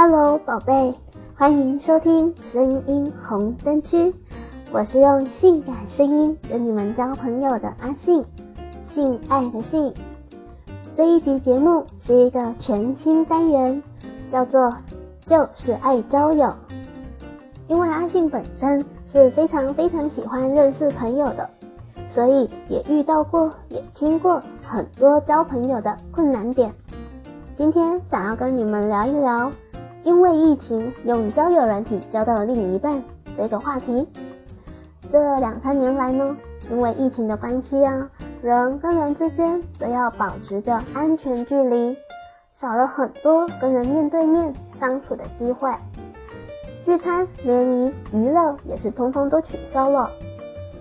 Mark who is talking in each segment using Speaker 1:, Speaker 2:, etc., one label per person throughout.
Speaker 1: 哈嘍，Hello, 寶貝，歡迎收聽聲音紅燈區。我是用性感聲音跟你們交朋友的阿性，性愛的性。這一集節目是一個全新單元，叫做就是愛交友。因為阿性本身是非常非常喜歡認識朋友的，所以也遇到過、也聽過很多交朋友的困難點。今天想要跟你們聊一聊。因為疫情，用交友軟體交到了另一半這個話題。這兩三年來呢，因為疫情的關係啊，人跟人之間都要保持着安全距離，少了很多跟人面對面相處的機會，聚餐、聯誼、娛樂也是通通都取消了。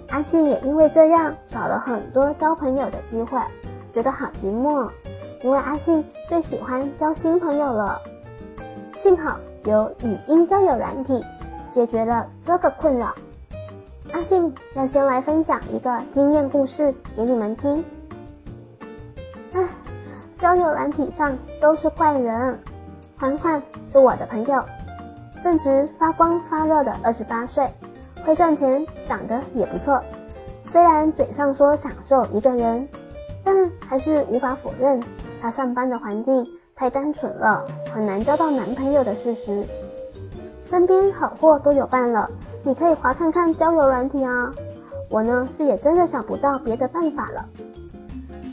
Speaker 1: 阿性也因為這樣，少了很多交朋友的機會，覺得好寂寞。因為阿性最喜歡交新朋友了。幸好有語音交友軟體解決了這個困擾。阿性要先來分享一個經驗故事給你們聽。唉，交友軟體上都是壞人。環環是我的朋友，正值發光發熱的二十八歲，會賺錢，長得也不錯。雖然嘴上說享受一個人，但還是無法否認他上班的環境。太單純了，很難交到男朋友的事實。身邊好貨都有伴了，你可以滑看看交友軟體啊、哦。我呢是也真的想不到別的辦法了。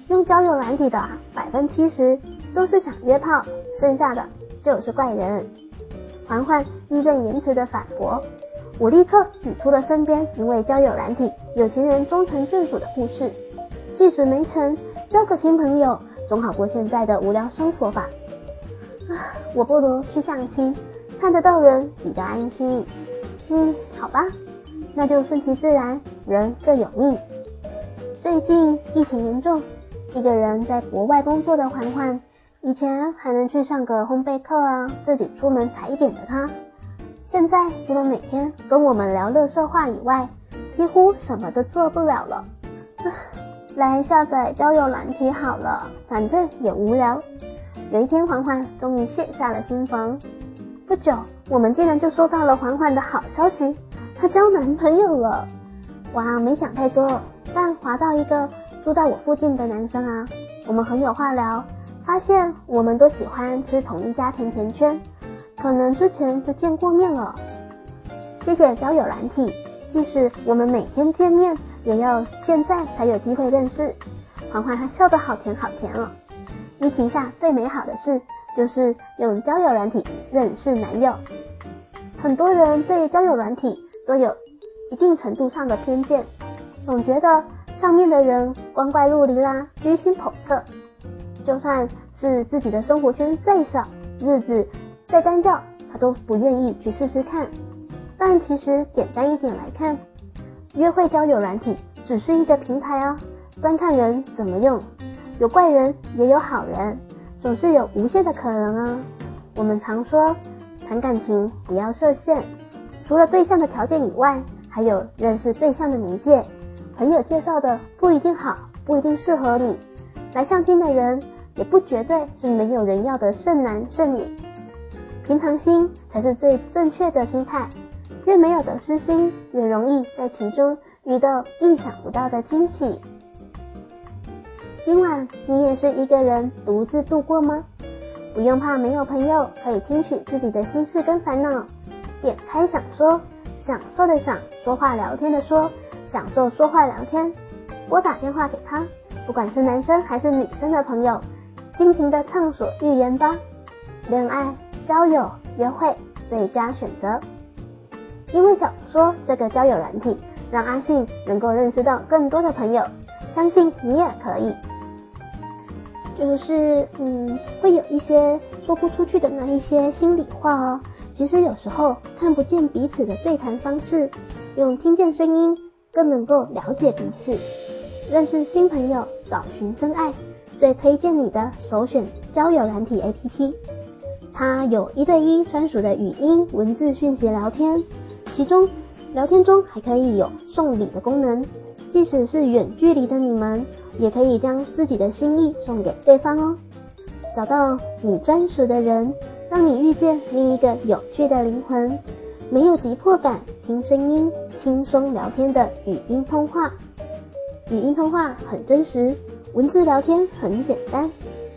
Speaker 1: 用交友軟體的、啊，百分之七十都是想約炮，剩下的就是怪人。環環義正言辭的反駁，我立刻舉出了身邊一位交友軟體有情人終成眷屬的故事，即使沒成，交個新朋友。總好過現在的無聊生活吧。唉，我不如去相親，看得到人比較安心。嗯，好吧，那就順其自然，人各有命。最近疫情嚴重，一個人在國外工作的環環，以前還能去上個烘焙課啊，自己出門踩一點的他，現在除了每天跟我們聊垃圾話以外，幾乎什麼都做不了了。來下載交友軟體好了，反正也無聊。有一天，環環終於卸下了心防。不久，我們竟然就收到了環環的好消息，她交男朋友了。哇，沒想太多，但滑到一個住在我附近的男生啊，我們很有話聊，發現我們都喜歡吃同一家甜甜圈，可能之前就見過面了。謝謝交友軟體，即使我們每天見面。也要現在才有機會認識，環環她笑得好甜好甜哦。疫情下最美好的事就是用交友軟體認識男友。很多人對交友軟體都有一定程度上的偏見，總覺得上面的人光怪陸離啦、居心叵測。就算是自己的生活圈再小，日子再單調，他都不願意去試試看。但其實簡單一點來看。約會交友軟體只是一個平台哦，端看人怎麼用，有怪人也有好人，總是有無限的可能哦。我們常說談感情不要設限，除了對象的條件以外，還有認識對象的媒介，朋友介紹的不一定好，不一定適合你。來相親的人也不絕對是沒有人要的剩男剩女，平常心才是最正確的心態。越沒有得失心，越容易在其中遇到意想不到的驚喜。今晚你也是一個人獨自度過嗎？不用怕沒有朋友可以聽取自己的心事跟煩惱。點開享說，享受的享，說話聊天的說，享受說話聊天。撥打電話給他，不管是男生還是女生的朋友，盡情的暢所欲言吧。戀愛、交友、約會，最佳選擇。因為想說這個交友軟體，讓阿性能夠認識到更多的朋友，相信你也可以。就是，嗯，會有一些說不出去的那一些心裡話哦。其實有時候看不見彼此的對談方式，用聽見聲音更能夠了解彼此，認識新朋友，找尋真愛，最推薦你的首選交友軟體 APP。它有一對一專屬的語音、文字訊息聊天。其中，聊天中還可以有送禮的功能，即使是遠距離的你們，也可以將自己的心意送給對方哦。找到你專屬的人，讓你遇見另一個有趣的靈魂。沒有急迫感，聽聲音，輕鬆聊天的語音通話。語音通話很真實，文字聊天很簡單，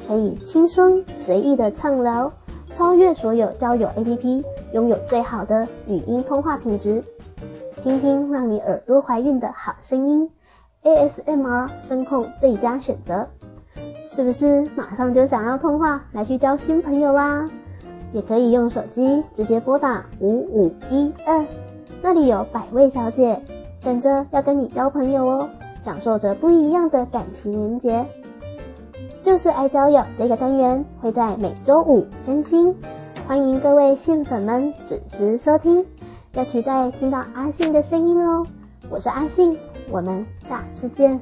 Speaker 1: 可以輕鬆隨意的暢聊，超越所有交友 APP。擁有最好的語音通話品質，聽聽讓你耳朵懷孕的好聲音，ASMR 聲控最佳選擇，是不是馬上就想要通話來去交新朋友啦，啊？也可以用手機直接撥打五五一二，那裡有百位小姐等着要跟你交朋友哦，享受着不一樣的感情連結。就是愛交友這個單元會在每周五更新。歡迎各位性粉們準時收聽，要期待聽到阿性的聲音哦！我是阿性，我們下次見。